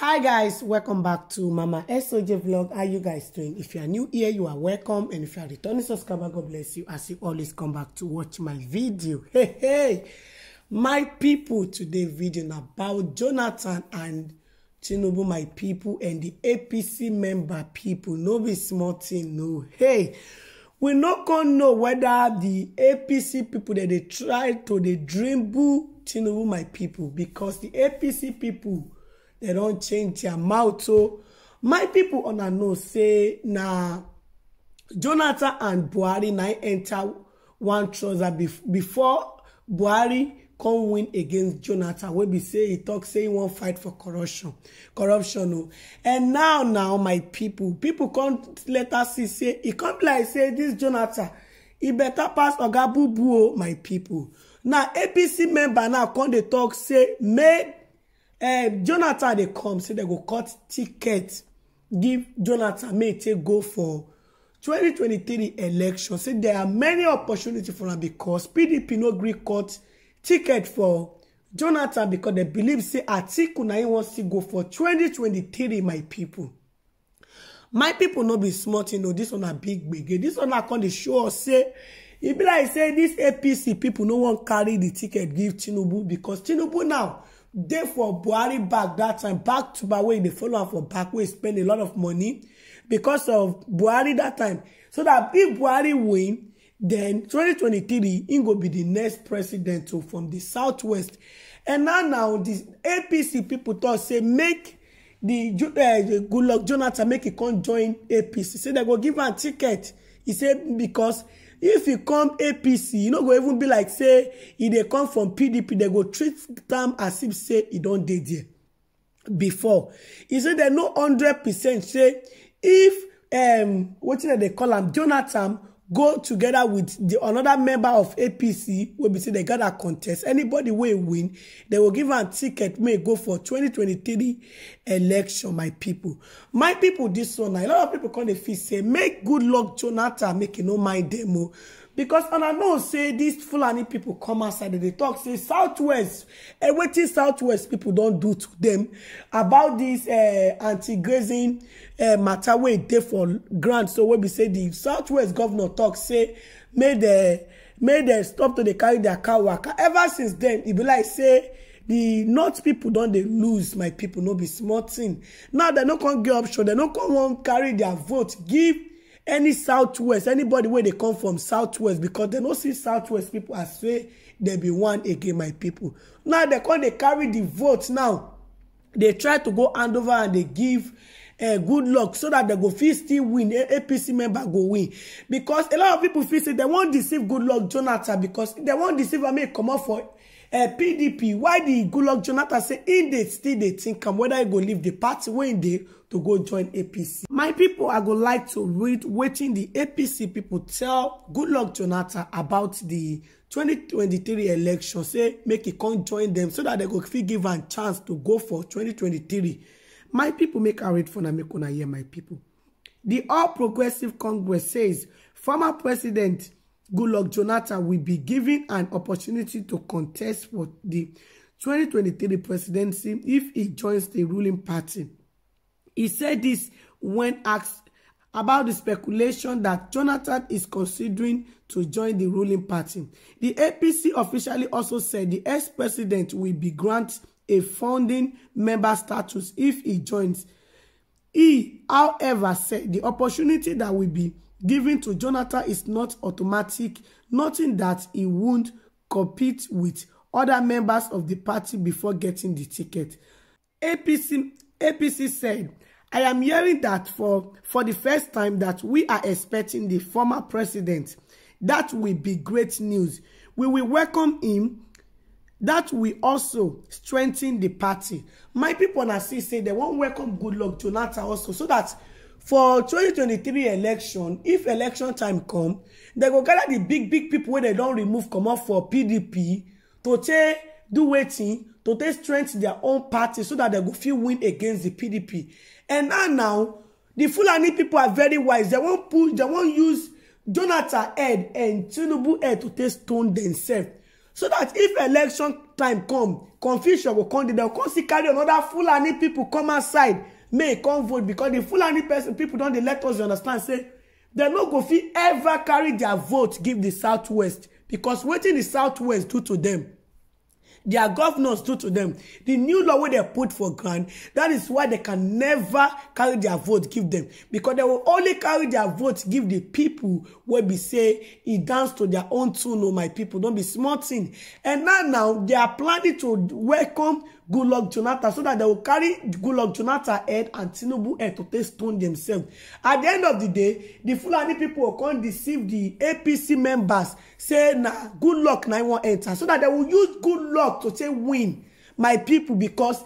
hi guys welcome back to mama soj vlog how you guys doing if you are new here you are welcome and if you are returning subscriber god bless you as you always come back to watch my video hey hey my people today video about jonathan and Chinobu, my people and the apc member people no be small thing no hey we not gonna know whether the apc people that they try to dey dream boo Chinobu, my people because the apc people dem don change their mouth o my pipo una know say na jonathan and buhari na enter one trouser before buhari come win against jonathan wey be say he talk, say he wan fight for corruption corruption o oh. and now now my pipo pipo come later see say e come be like say this jonathan e better pass oga bubu o oh, my pipo now apc member now come dey talk say make Eh, jonathan dey come say dem go cut ticket give jonathan may take go for 2023 election say there are many opportunities for am because pdp no gree cut ticket for jonathan because dem believe say atiku na im wan still go for 2023 my pipo my pipo no be small tin o oh, dis one na big gbege dis one na come dey show us say e be like say dis apc pipo no wan carry di ticket give tinubu because tinubu now dey for buhari back that time back to back wey dey follow am for back wey spend a lot of money because of buhari that time so that if buhari win then 2023 im go be the next president to oh, from the southwest and now now the apc people talk say make the eh, good luck jonathan make he come join apc say they go give am ticket He say because if e come apc e no go even be like say e dey come from pdp dem go treat am as if say e don dey there before e say dem no hundred percent say if um wetin dem dey call am jonathan go together with the another member of apc wey be say dem gather contest anybody wey win They will give am ticket May go for 2023 election my people. my people, this one a lot of people come dey feel say make good luck jonathan make e no mind them. o oh because and I know say these fulani people come outside and they talk say southwest eh, wetin southwest people don't do to them about dis eh, anti-grazing eh, matter wey they for grant. so wey we say the southwest governor tok say make dem stop to dey carry their cow worker. ever since then, e be like say the north people don't they lose my people no be smart thing. now they no come get show they no come wan carry their vote give any southwest anybody wey dey come from southwest because dem no see southwest people as say dem be one again my people now dem come dey carry the vote now dey try to go hand over and dey give eh, good luck so that dem go fit still win apc member go win because a lot of people feel say dem wan deceive good luck jonathan because dem wan deceive am make e comot for pdp eh, why di goodluck jonathan say im dey still they think am whether e go leave the party When they to go join apc my people are go like to read waiting the apc people tell goodluck jonathan about the 2023 election say make e come join them so that they go fit give am chance to go for 2023 my people make a read for na make una hear my people. The all progressive congress says former president Goodluck Jonathan will be given an opportunity to contest for the 2023 presidency if he joins the ruling party. He said this when asked about the speculation that Jonathan is considering to join the ruling party. The APC officially also said the ex-president will be granted a founding member status if he joins. He, however, said the opportunity that will be given to Jonathan is not automatic, Noting that he won't compete with other members of the party before getting the ticket. APC, APC said, I am hearing that for, for the first time that we are expecting the former president. That will be great news. We will welcome him. That will also strengthen the party. My people now see say they won't welcome Goodluck Jonathan also so that for 2023 election if election time come dem go gather di big big pipo wey dem don remove comot for pdp to take do wetin to take strengthen their own party so dat dem go fit win against di pdp and now now di fulani pipo are very wise dem wan push dem wan use jonathan head and tinubu head to take stone demsef so dat if election time come confusion go come dey dem come see carry anoda fulani pipo come outside may come vote because the fulani person people don't let us understand say dem no go fit ever carry their vote give the southwest because wetin the southwest do to them, their governors do to them, the new law wey dem put for ground that is why they can never carry their vote give them because they will only carry their vote give the people wey be say e dance to their own tune o oh my people don be small thing and now now they are planning to welcome Good Goodluck Jonathan so that they will carry good Goodluck Jonathan head and Tinubu head to take stone themselves. At the end of the day, the Fulani people will come deceive the APC members, say na Goodluck na won enter so that they will use good luck to say win my people because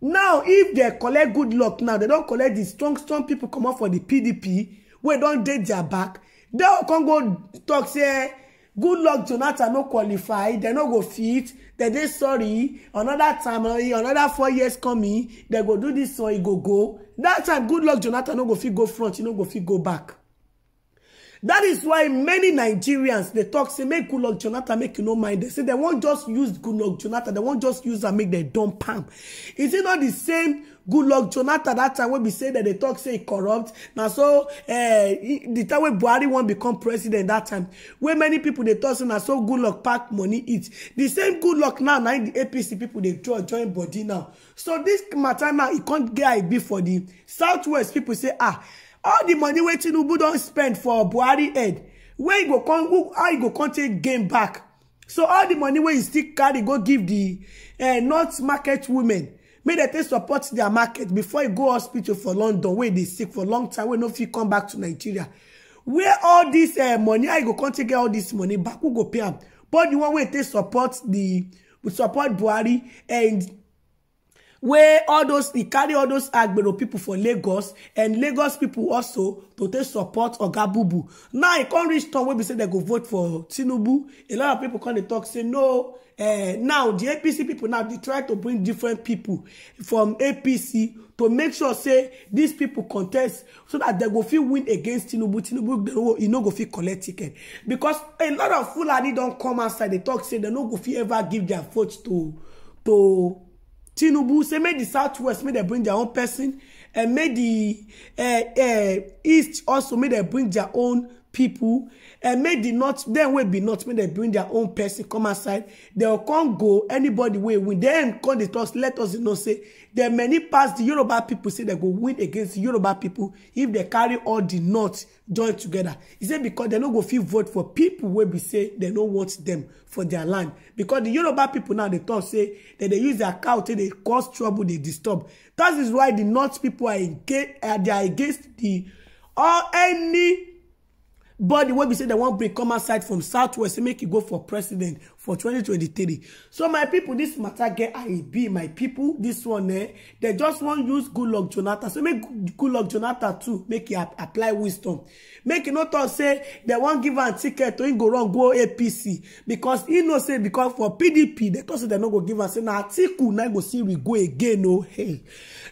now if they collect good luck now, they don't collect the strong strong people come up for the PDP wey don't dey their back, they go come go talk say good luck jonathan no qualify dem no go fit dem dey sorry another time eh, another four years coming dem go do dis one e go go dat time good luck jonathan no go fit go front e no go fit go back That is why many Nigerians, they talk, say, make Goodluck Jonathan make you no mind. They say they won't just use Goodluck Jonathan. They won't just use and make them dumb palm. Is it not the same Goodluck Jonathan that time when we say that they talk, say, corrupt? Now, so, eh, the time when Buhari won't become president that time, where many people, they talk, say, now, so Goodluck pack money eat. The same Goodluck now, now the APC people, they draw, join body now. So this matter now, it e can't get a bit for the Southwest people say, ah, all the money waiting, tinubu don't spend for buhari head wey go come how e go come take gain back so all the money wey e still carry go give di eh, north market women make they take support their market before e go hospital for london Where they sick for long time Where no fee come back to nigeria where all dis eh, money how e go come take get all this money back who go pay am but the one wey take support buhari and wey all those e carry all those agbero people for lagos and lagos people also to take support oga bubu now e come reach turn wey be say dem go vote for tinubu a lot of people come dey talk say no uh, now the apc people now dey try to bring different people from apc to make sure say these people contest so that dem go fit win against tinubu tinubu e no go fit collect ticket because a lot of fulani don come outside dey talk say dem no go fit ever give their vote to to Tinubu say make the Southwest make they bring their own person and make the uh, uh, East also make they bring their own people and make the not then will be not when they bring their own person come aside they will come go anybody will win then come the trust let us you know say there many past the yoruba people say they go win against the yoruba people if they carry all the not join together is it because they no go feel vote for people will be say they no want them for their land because the yoruba people now they talk say that they use their cow till they cause trouble they disturb that is why the north people are against, uh, they are against the or any body wey be say dem wan bring come outside from southwest say make e go for president for 2023 so my people, this matter get be my people, this one eh They just want use good luck jonathan so make good luck jonathan too make you apply wisdom make e no talk say they won't give a ticket to im go run go apc because e know say because for pdp they thought say dem no go give am say na atiku na go see we go again oh hey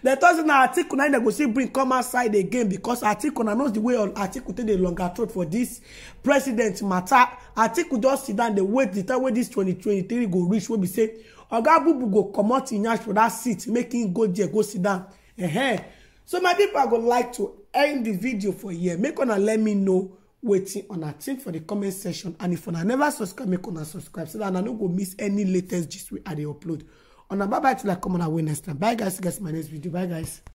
They thought say na atiku na dem go see bring come outside again because atiku na knows the way atiku take the longer throat for this president matter atiku just sit down dey wait the time wey dis 2023 go reach wey be say oga bubu go comot yansh for that seat make him go there go sit down uh -huh. so my people, i go like to end the video for here make una let me know wetin una think for the comment section and if una never subscribe make una subscribe so that una no go miss any latest gist wey i dey upload una bye bye till i come on away next time bye guys see you guys in my next video bye guys